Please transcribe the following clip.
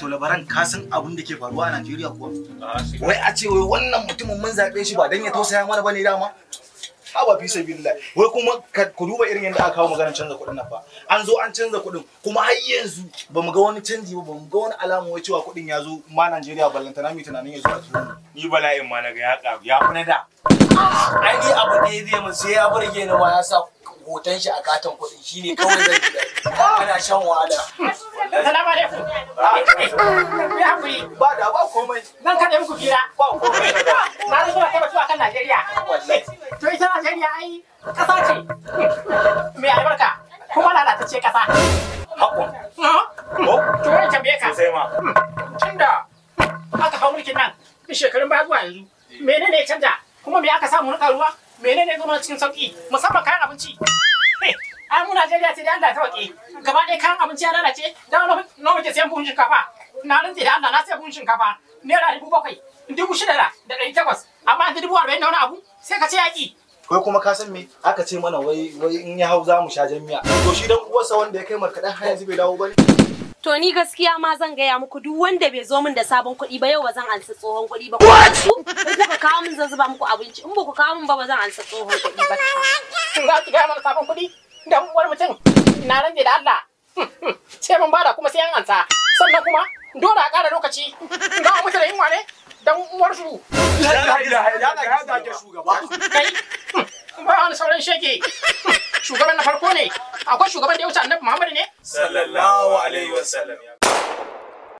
wato labaran ka san abin da ke faruwa a Najeriya kuwa ah, wai a ce wai wannan mutumin mun zaɓe shi ba dan ya tausaya mana bane dama ba fi sabilillah wai kuma ku duba irin yadda aka kawo maganar canza kuɗin nan ba. an zo an canza kuɗin kuma har yanzu ba mu ga wani canji ba mu ga wani alamu wai cewa kuɗin ya zo ma Najeriya na mi tunanin ya zo a turu ni bala'in ma na ga ya ƙaru ya fi na da ai ni abu ne zai mu sai ya burge ni ma ya sa hoton shi a katon kuɗin shine kawai zai gida ana shan wahala Salamu alaikum. Ya kuri. Ba da ba komai. Nan kada muku fira. Ba komai. Na zo zuwa kai zuwa kan Najeriya. To ita Najeriya ai ƙasa ce. Mai albarka. Kuma lalatacce kasa. Hakko. To wani tambaye ka. Tunda aka hau mulkin nan shekarun ba zuwa yanzu. Menene ya canja? Kuma me aka samu na karuwa? Menene ya zama cikin sauki? Musamman kayan abinci. ai mu Najeriya sai da Allah ta wake gaba ɗaya kan abinci ya lalace da nawa muke sayan buhun shinkafa na rantse da Allah na sayan buhun shinkafa naira dubu bakwai dubu shida da ɗari takwas amma an dubu arba'in da wani abu sai ka ce yaƙi. Kai kuma ka san me aka ce mana wai wai in ya hau za mu sha jami'a to shi dan uwarsa wanda ya kai markaɗen har yanzu bai dawo ba ne. To ni gaskiya ma zan gaya muku duk wanda bai zo min da sabon kuɗi ba yau ba zan ansa tsohon kuɗi ba. What? In kuka kawo min zan zuba muku abinci in ba ku kawo min ba ba zan ansa tsohon kuɗi ba. Za ki gaya mana sabon kuɗi? dan uwar mutum na rage da Allah ce mun bada kuma sai an ansa sannan kuma dole a ƙara lokaci ga mu tare yunwa ne dan uwar su ya ke shugaba kai ba wani sauran shege shugaban na farko ne akwai shugaban da ya wuce annabi Muhammad ne sallallahu alaihi wasallam